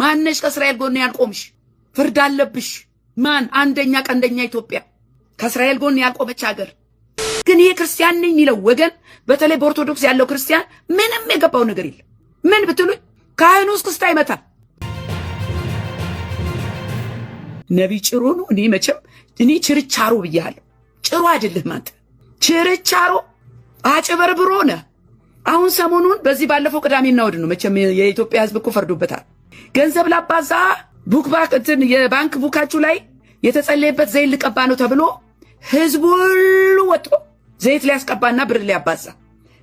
ማነሽ? ከእስራኤል ጎን ያልቆምሽ ፍርድ አለብሽ። ማን? አንደኛ ቀንደኛ ኢትዮጵያ ከእስራኤል ጎን ያልቆመች ሀገር። ግን ይሄ ክርስቲያን ነኝ የሚለው ወገን በተለይ በኦርቶዶክስ ያለው ክርስቲያን ምንም የገባው ነገር የለም። ምን ብትሉኝ ካህኑ ክስታ ይመታል። ነቢይ ጭሩ ነው። እኔ መቼም እኔ ችርቻሮ ብያለሁ። ጭሩ አይደለም አንተ ችርቻሮ አጭበርብሮ ነህ። አሁን ሰሞኑን በዚህ ባለፈው ቅዳሜና እናወድ ነው መቼም የኢትዮጵያ ሕዝብ እኮ ፈርዶበታል። ገንዘብ ላባዛ ቡክባክ እንትን የባንክ ቡካችሁ ላይ የተጸለየበት ዘይት ልቀባ ነው ተብሎ ህዝቡ ሁሉ ወጥቶ ዘይት ሊያስቀባና ብር ሊያባዛ።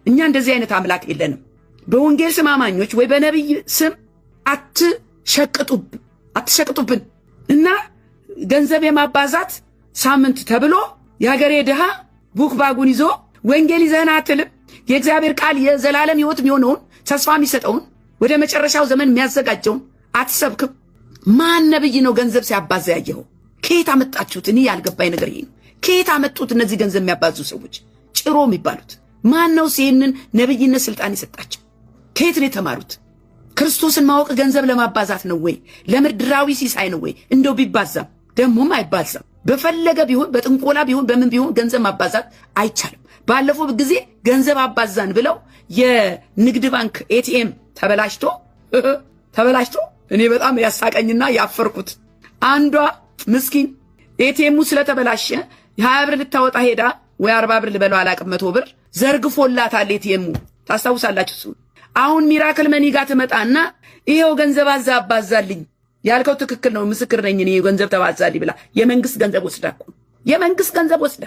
እኛ እንደዚህ አይነት አምላክ የለንም። በወንጌል ስም አማኞች ወይ በነቢይ ስም አትሸቅጡብን እና ገንዘብ የማባዛት ሳምንት ተብሎ የሀገሬ ድሃ ቡክባጉን ይዞ ወንጌል ይዘህና አትልም። የእግዚአብሔር ቃል የዘላለም ህይወት የሚሆነውን ተስፋ የሚሰጠውን ወደ መጨረሻው ዘመን የሚያዘጋጀውን አትሰብክም? ማን ነብይ ነው ገንዘብ ሲያባዛ ያየኸው? ከየት አመጣችሁት? እኔ ያልገባኝ ነገር ይሄ ነው። ከየት አመጡት? እነዚህ ገንዘብ የሚያባዙ ሰዎች ጭሮ የሚባሉት ማን ነው? ይህንን ነብይነት ስልጣን የሰጣቸው ከየት ነው የተማሩት? ክርስቶስን ማወቅ ገንዘብ ለማባዛት ነው ወይ? ለምድራዊ ሲሳይ ነው ወይ? እንደው ቢባዛም ደግሞም አይባዛም። በፈለገ ቢሆን በጥንቆላ ቢሆን በምን ቢሆን ገንዘብ ማባዛት አይቻልም። ባለፈው ጊዜ ገንዘብ አባዛን ብለው የንግድ ባንክ ኤቲኤም ተበላሽቶ ተበላሽቶ እኔ በጣም ያሳቀኝና ያፈርኩት አንዷ ምስኪን ኤቲኤሙ ስለተበላሸ የሀያ ብር ልታወጣ ሄዳ ወይ አርባ ብር ልበለው አላቅም መቶ ብር ዘርግፎላታል ኤቲኤሙ ታስታውሳላችሁ አሁን ሚራክል መኒ ጋር ትመጣና ይሄው ገንዘብ አዛ አባዛልኝ ያልከው ትክክል ነው ምስክር ነኝ እኔ ገንዘብ ተባዛልኝ ብላ የመንግስት ገንዘብ ወስዳ የመንግስት ገንዘብ ወስዳ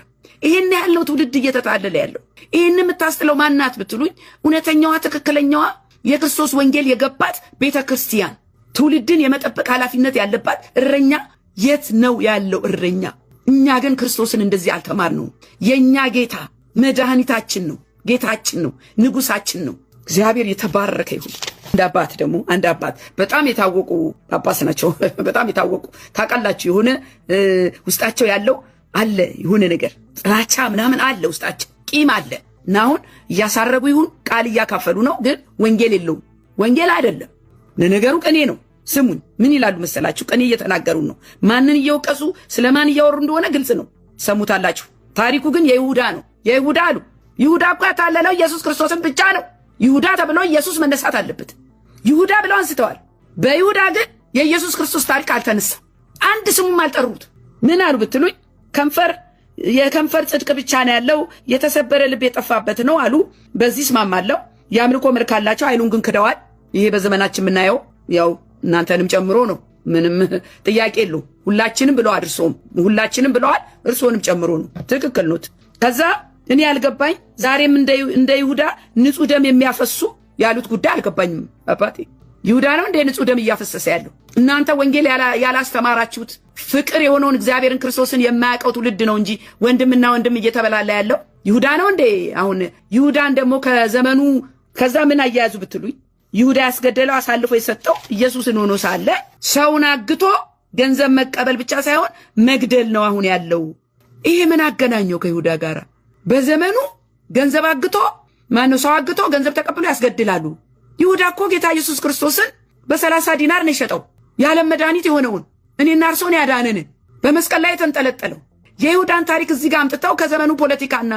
ይህን ያለው ትውልድ እየተታለለ ያለው ይህን የምታስጥለው ማናት ብትሉኝ እውነተኛዋ ትክክለኛዋ የክርስቶስ ወንጌል የገባት ቤተ ክርስቲያን ትውልድን የመጠበቅ ኃላፊነት ያለባት እረኛ የት ነው ያለው እረኛ? እኛ ግን ክርስቶስን እንደዚህ አልተማርነውም። የእኛ ጌታ መድኃኒታችን ነው፣ ጌታችን ነው፣ ንጉሳችን ነው። እግዚአብሔር የተባረከ ይሁን። አንድ አባት ደግሞ አንድ አባት በጣም የታወቁ ጳጳስ ናቸው። በጣም የታወቁ ታውቃላችሁ። የሆነ ውስጣቸው ያለው አለ የሆነ ነገር ጥላቻ ምናምን አለ ውስጣቸው ቂም አለ። እና አሁን እያሳረጉ ይሁን ቃል እያካፈሉ ነው፣ ግን ወንጌል የለውም። ወንጌል አይደለም ለነገሩ ቅኔ ነው። ስሙኝ፣ ምን ይላሉ መሰላችሁ? ቅኔ እየተናገሩ ነው። ማንን እየወቀሱ ስለ ማን እያወሩ እንደሆነ ግልጽ ነው፣ ሰሙታላችሁ። ታሪኩ ግን የይሁዳ ነው። የይሁዳ አሉ። ይሁዳ እኮ ያታለለው ኢየሱስ ክርስቶስን ብቻ ነው። ይሁዳ ተብሎ ኢየሱስ መነሳት አለበት፣ ይሁዳ ብለው አንስተዋል። በይሁዳ ግን የኢየሱስ ክርስቶስ ታሪክ አልተነሳም። አንድ ስሙም አልጠሩት። ምን አሉ ብትሉኝ ከንፈር የከንፈር ጽድቅ ብቻ ነው ያለው፣ የተሰበረ ልብ የጠፋበት ነው አሉ። በዚህ እስማማለሁ። የአምልኮ መልክ አላቸው፣ አይሉን ግን ክደዋል። ይሄ በዘመናችን የምናየው ያው እናንተንም ጨምሮ ነው። ምንም ጥያቄ የለው። ሁላችንም ብለዋል፣ እርሶም ሁላችንም ብለዋል፣ እርሶንም ጨምሮ ነው። ትክክል ኖት። ከዛ እኔ አልገባኝ ዛሬም እንደ ይሁዳ ንጹህ ደም የሚያፈሱ ያሉት ጉዳይ አልገባኝም አባቴ ይሁዳ ነው እንደ ንጹህ ደም እያፈሰሰ ያለው። እናንተ ወንጌል ያላስተማራችሁት ፍቅር የሆነውን እግዚአብሔርን ክርስቶስን የማያውቀው ትውልድ ነው እንጂ ወንድምና ወንድም እየተበላላ ያለው ይሁዳ ነው እንዴ? አሁን ይሁዳን ደግሞ ከዘመኑ ከዛ ምን አያያዙ ብትሉኝ ይሁዳ ያስገደለው አሳልፎ የሰጠው ኢየሱስን ሆኖ ሳለ ሰውን አግቶ ገንዘብ መቀበል ብቻ ሳይሆን መግደል ነው አሁን ያለው። ይሄ ምን አገናኘው ከይሁዳ ጋር? በዘመኑ ገንዘብ አግቶ ማነው ሰው አግቶ ገንዘብ ተቀብሎ ያስገድላሉ። ይሁዳ እኮ ጌታ ኢየሱስ ክርስቶስን በሰላሳ ዲናር ነው የሸጠው። የዓለም መድኃኒት የሆነውን እኔና እርሶን ያዳነንን በመስቀል ላይ የተንጠለጠለው የይሁዳን ታሪክ እዚህ ጋር አምጥተው ከዘመኑ ፖለቲካና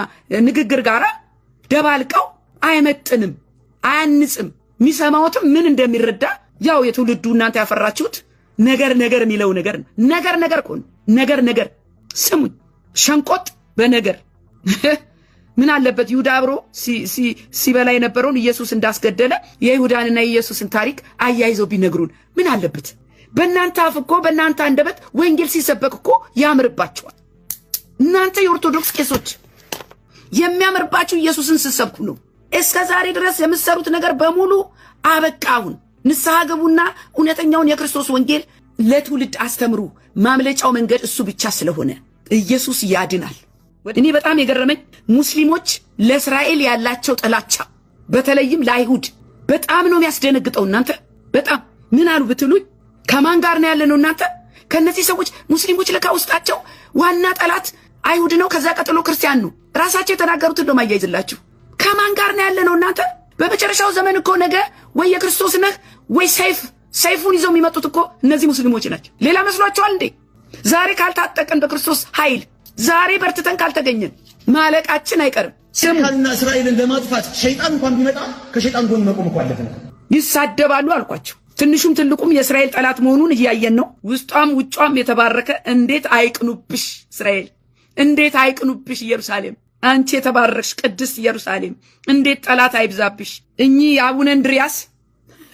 ንግግር ጋር ደባልቀው አይመጥንም፣ አያንጽም። የሚሰማዎትም ምን እንደሚረዳ ያው የትውልዱ እናንተ ያፈራችሁት ነገር ነገር የሚለው ነገር ነገር ነገር ነገር ነገር ስሙኝ፣ ሸንቆጥ በነገር ምን አለበት ይሁዳ አብሮ ሲበላ የነበረውን ኢየሱስ እንዳስገደለ የይሁዳንና የኢየሱስን ታሪክ አያይዘው ቢነግሩን ምን አለበት? በእናንተ አፍ እኮ በእናንተ አንደበት ወንጌል ሲሰበክ እኮ ያምርባቸዋል። እናንተ የኦርቶዶክስ ቄሶች የሚያምርባችሁ ኢየሱስን ስትሰብኩ ነው። እስከ ዛሬ ድረስ የምትሰሩት ነገር በሙሉ አበቃ። አሁን ንስሐ ግቡና እውነተኛውን የክርስቶስ ወንጌል ለትውልድ አስተምሩ። ማምለጫው መንገድ እሱ ብቻ ስለሆነ ኢየሱስ ያድናል። እኔ በጣም የገረመኝ ሙስሊሞች ለእስራኤል ያላቸው ጥላቻ በተለይም ለአይሁድ በጣም ነው የሚያስደነግጠው። እናንተ በጣም ምን አሉ ብትሉኝ ከማን ጋር ነው ያለ ነው እናንተ ከእነዚህ ሰዎች ሙስሊሞች ለካ ውስጣቸው ዋና ጠላት አይሁድ ነው፣ ከዛ ቀጥሎ ክርስቲያን ነው። ራሳቸው የተናገሩትን ነው ማያይዝላችሁ። ከማን ጋር ነው ያለ ነው እናንተ። በመጨረሻው ዘመን እኮ ነገ ወይ የክርስቶስ ነህ ወይ ሰይፍ ሰይፉን ይዘው የሚመጡት እኮ እነዚህ ሙስሊሞች ናቸው። ሌላ መስሏቸዋል እንዴ? ዛሬ ካልታጠቀን በክርስቶስ ኃይል ዛሬ በርትተን ካልተገኘን ማለቃችን አይቀርም። ሚካኤልና እስራኤልን ለማጥፋት ሸይጣን እንኳን ቢመጣ ከሸይጣን ጎን መቆም እኮ አለብን። ይሳደባሉ አልኳቸው። ትንሹም ትልቁም የእስራኤል ጠላት መሆኑን እያየን ነው። ውስጧም ውጯም የተባረከ እንዴት አይቅኑብሽ እስራኤል፣ እንዴት አይቅኑብሽ ኢየሩሳሌም፣ አንቺ የተባረክሽ ቅድስት ኢየሩሳሌም፣ እንዴት ጠላት አይብዛብሽ። እኚህ የአቡነ እንድሪያስ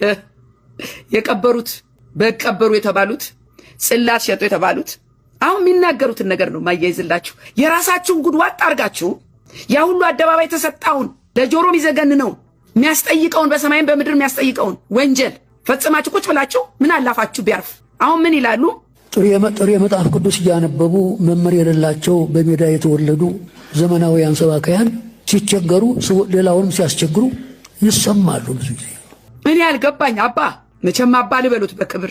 የቀበሩት በቀበሩ የተባሉት ጽላት ሸጡ የተባሉት አሁን የሚናገሩትን ነገር ነው ማያይዝላችሁ። የራሳችሁን ጉድ ዋጥ አድርጋችሁ ያ ሁሉ አደባባይ ተሰጣውን ለጆሮ የሚዘገን ነው የሚያስጠይቀውን በሰማይም በምድር የሚያስጠይቀውን ወንጀል ፈጽማችሁ ቁጭ ብላችሁ ምን አላፋችሁ ቢያርፍ። አሁን ምን ይላሉ? ጥሩ የመጽሐፍ ቅዱስ እያነበቡ መምህር የሌላቸው በሜዳ የተወለዱ ዘመናዊ አንሰባካያን ሲቸገሩ ሌላውንም ሲያስቸግሩ ይሰማሉ። ብዙ ጊዜ እኔ ያልገባኝ አባ መቼም አባ ልበሉት በክብር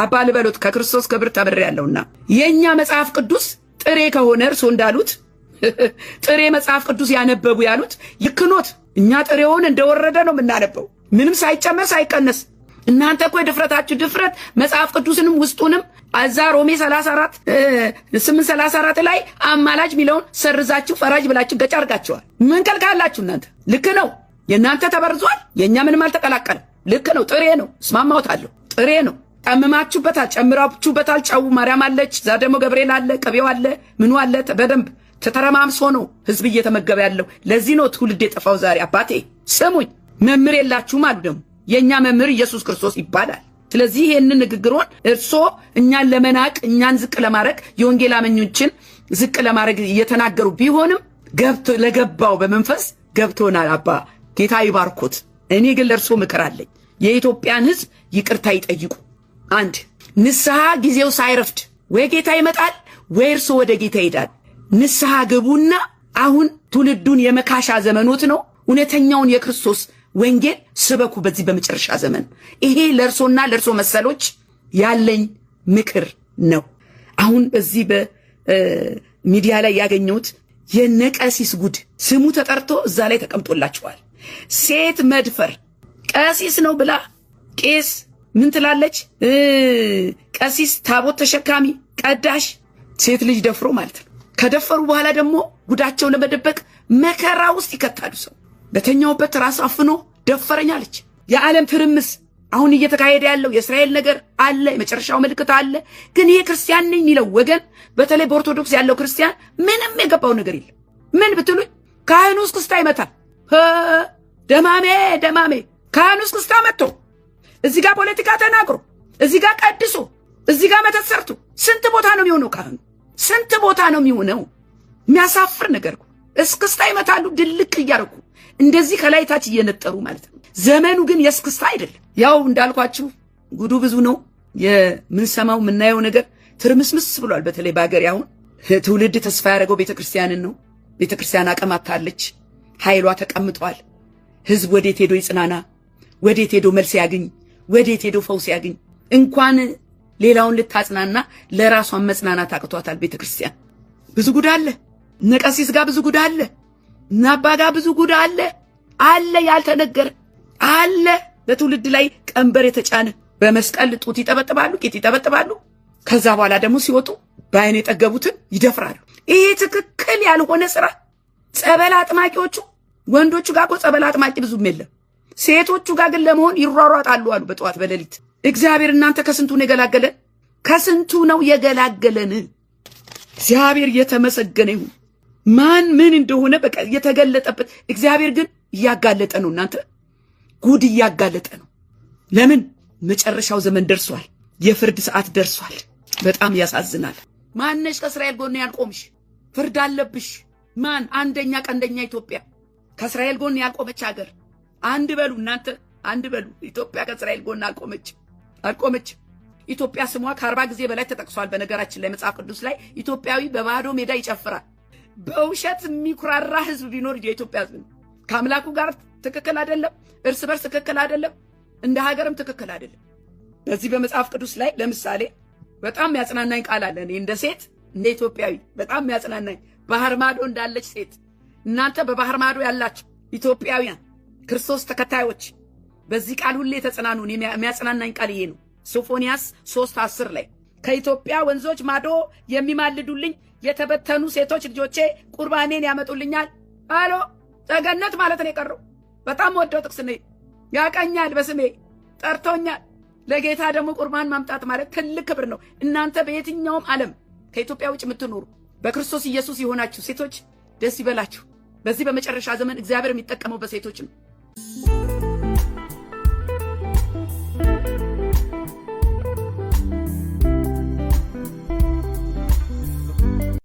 አባ ልበሉት ከክርስቶስ ክብር ተብሬ ያለውና የእኛ መጽሐፍ ቅዱስ ጥሬ ከሆነ እርሶ እንዳሉት ጥሬ መጽሐፍ ቅዱስ ያነበቡ ያሉት ይክኖት። እኛ ጥሬውን እንደወረደ ነው የምናነበው፣ ምንም ሳይጨመር ሳይቀነስ። እናንተ እኮ የድፍረታችሁ ድፍረት መጽሐፍ ቅዱስንም ውስጡንም አዛ ሮሜ 34 834 ላይ አማላጅ ሚለውን ሰርዛችሁ ፈራጅ ብላችሁ ገጭ አድርጋችኋል። ምን ከልካላችሁ እናንተ? ልክ ነው። የእናንተ ተበርዟል፣ የእኛ ምንም አልተቀላቀለም። ልክ ነው። ጥሬ ነው። እስማማውታለሁ። ጥሬ ነው። ቀምማችሁበታል፣ ጨምራችሁበታል። ጨው ማርያም አለች፣ እዛ ደግሞ ገብርኤል አለ፣ ቅቤው አለ፣ ምኑ አለ። በደንብ ተተረማምሶ ነው ህዝብ እየተመገበ ያለው። ለዚህ ነው ትውልድ የጠፋው። ዛሬ አባቴ ስሙኝ፣ መምህር የላችሁም አሉ። ደግሞ የእኛ መምህር ኢየሱስ ክርስቶስ ይባላል። ስለዚህ ይህንን ንግግሮን እርሶ እኛን ለመናቅ እኛን ዝቅ ለማድረግ የወንጌል አመኞችን ዝቅ ለማድረግ እየተናገሩ ቢሆንም ገብቶ ለገባው በመንፈስ ገብቶናል። አባ ጌታ ይባርኮት። እኔ ግን ለእርሶ ምክር አለኝ። የኢትዮጵያን ህዝብ ይቅርታ ይጠይቁ። አንድ ንስሐ ጊዜው ሳይረፍድ ወይ ጌታ ይመጣል ወይ እርሶ ወደ ጌታ ይሄዳል። ንስሐ ግቡና አሁን ትውልዱን የመካሻ ዘመኖት ነው። እውነተኛውን የክርስቶስ ወንጌል ስበኩ በዚህ በመጨረሻ ዘመን። ይሄ ለእርሶና ለእርሶ መሰሎች ያለኝ ምክር ነው። አሁን በዚህ በሚዲያ ላይ ያገኘሁት የነቀሲስ ጉድ ስሙ ተጠርቶ እዛ ላይ ተቀምጦላችኋል። ሴት መድፈር ቀሲስ ነው ብላ ቄስ ምን ትላለች? ቀሲስ፣ ታቦት ተሸካሚ፣ ቀዳሽ፣ ሴት ልጅ ደፍሮ ማለት ነው። ከደፈሩ በኋላ ደግሞ ጉዳቸውን ለመደበቅ መከራ ውስጥ ይከታሉ። ሰው በተኛውበት ራስ አፍኖ ደፈረኝ አለች። የዓለም ትርምስ አሁን እየተካሄደ ያለው የእስራኤል ነገር አለ፣ የመጨረሻው ምልክት አለ። ግን ይሄ ክርስቲያን ነኝ የሚለው ወገን በተለይ በኦርቶዶክስ ያለው ክርስቲያን ምንም የገባው ነገር የለም። ምን ብትሉኝ ካህኑ እስክስታ ይመታል። ደማሜ ደማሜ ካህኑ እስክስታ መጥቶ እዚህ ጋር ፖለቲካ ተናግሮ እዚህ ጋር ቀድሶ እዚህ ጋር መተት ሰርቶ ስንት ቦታ ነው የሚሆነው? ካህኑ ስንት ቦታ ነው የሚሆነው? የሚያሳፍር ነገር እኮ እስክስታ ይመታሉ ድልቅ እያደረጉ እንደዚህ ከላይ ታች እየነጠሩ ማለት ነው። ዘመኑ ግን የእስክስታ አይደለም። ያው እንዳልኳችሁ ጉዱ ብዙ ነው የምንሰማው የምናየው ነገር ትርምስምስ ብሏል። በተለይ በሀገር አሁን ትውልድ ተስፋ ያደረገው ቤተክርስቲያንን ነው። ቤተክርስቲያን አቅም አታለች፣ ኃይሏ ተቀምጧል። ህዝብ ወዴት ሄዶ ይጽናና? ወዴት ሄዶ መልስ ያግኝ? ወዴት ሄዶ ፈውስ ያገኝ? እንኳን ሌላውን ልታጽናና ለራሷን መጽናናት አቅቷታል። ቤተክርስቲያን ብዙ ጉዳ አለ፣ ነቀሲስ ጋር ብዙ ጉዳ አለ፣ ናባ ጋር ብዙ ጉዳ አለ አለ ያልተነገረ አለ። በትውልድ ላይ ቀንበር የተጫነ በመስቀል ጡት ይጠበጥባሉ፣ ቂጥ ይጠበጥባሉ። ከዛ በኋላ ደግሞ ሲወጡ በአይን የጠገቡትን ይደፍራሉ። ይሄ ትክክል ያልሆነ ስራ ጸበል አጥማቂዎቹ ወንዶቹ ጋር እኮ ጸበል አጥማቂ ብዙም የለም። ሴቶቹ ጋር ግን ለመሆን ይሯሯጣሉ አሉ በጠዋት በሌሊት። እግዚአብሔር እናንተ ከስንቱ ነው የገላገለን? ከስንቱ ነው የገላገለን? እግዚአብሔር የተመሰገነ ይሁን። ማን ምን እንደሆነ በቃ የተገለጠበት። እግዚአብሔር ግን እያጋለጠ ነው። እናንተ ጉድ እያጋለጠ ነው። ለምን መጨረሻው ዘመን ደርሷል። የፍርድ ሰዓት ደርሷል። በጣም ያሳዝናል። ማነሽ ከእስራኤል ጎን ያልቆምሽ ፍርድ አለብሽ። ማን አንደኛ ቀንደኛ ኢትዮጵያ ከእስራኤል ጎን ያልቆመች ሀገር አንድ በሉ እናንተ አንድ በሉ። ኢትዮጵያ ከእስራኤል ጎን አልቆመች አልቆመች። ኢትዮጵያ ስሟ ከአርባ ጊዜ በላይ ተጠቅሷል። በነገራችን ላይ መጽሐፍ ቅዱስ ላይ ኢትዮጵያዊ በባዶ ሜዳ ይጨፍራል። በውሸት የሚኩራራ ህዝብ ቢኖር የኢትዮጵያ ህዝብ ነው። ከአምላኩ ጋር ትክክል አይደለም፣ እርስ በርስ ትክክል አይደለም፣ እንደ ሀገርም ትክክል አይደለም። በዚህ በመጽሐፍ ቅዱስ ላይ ለምሳሌ በጣም የሚያጽናናኝ ቃል አለ። እኔ እንደ ሴት እንደ ኢትዮጵያዊ በጣም ያጽናናኝ ባህር ማዶ እንዳለች ሴት እናንተ በባህር ማዶ ያላችሁ ኢትዮጵያውያን ክርስቶስ ተከታዮች በዚህ ቃል ሁሌ የተጽናኑን የሚያጽናናኝ ቃል ይሄ ነው። ሶፎንያስ ሶስት አስር ላይ ከኢትዮጵያ ወንዞች ማዶ የሚማልዱልኝ የተበተኑ ሴቶች ልጆቼ ቁርባኔን ያመጡልኛል። አሎ ጸገነት ማለት ነው የቀረው። በጣም ወደው ጥቅስ ነው። ያቀኛል፣ በስሜ ጠርቶኛል። ለጌታ ደግሞ ቁርባን ማምጣት ማለት ትልቅ ክብር ነው። እናንተ በየትኛውም ዓለም ከኢትዮጵያ ውጭ የምትኖሩ በክርስቶስ ኢየሱስ የሆናችሁ ሴቶች ደስ ይበላችሁ። በዚህ በመጨረሻ ዘመን እግዚአብሔር የሚጠቀመው በሴቶች ነው። Thank you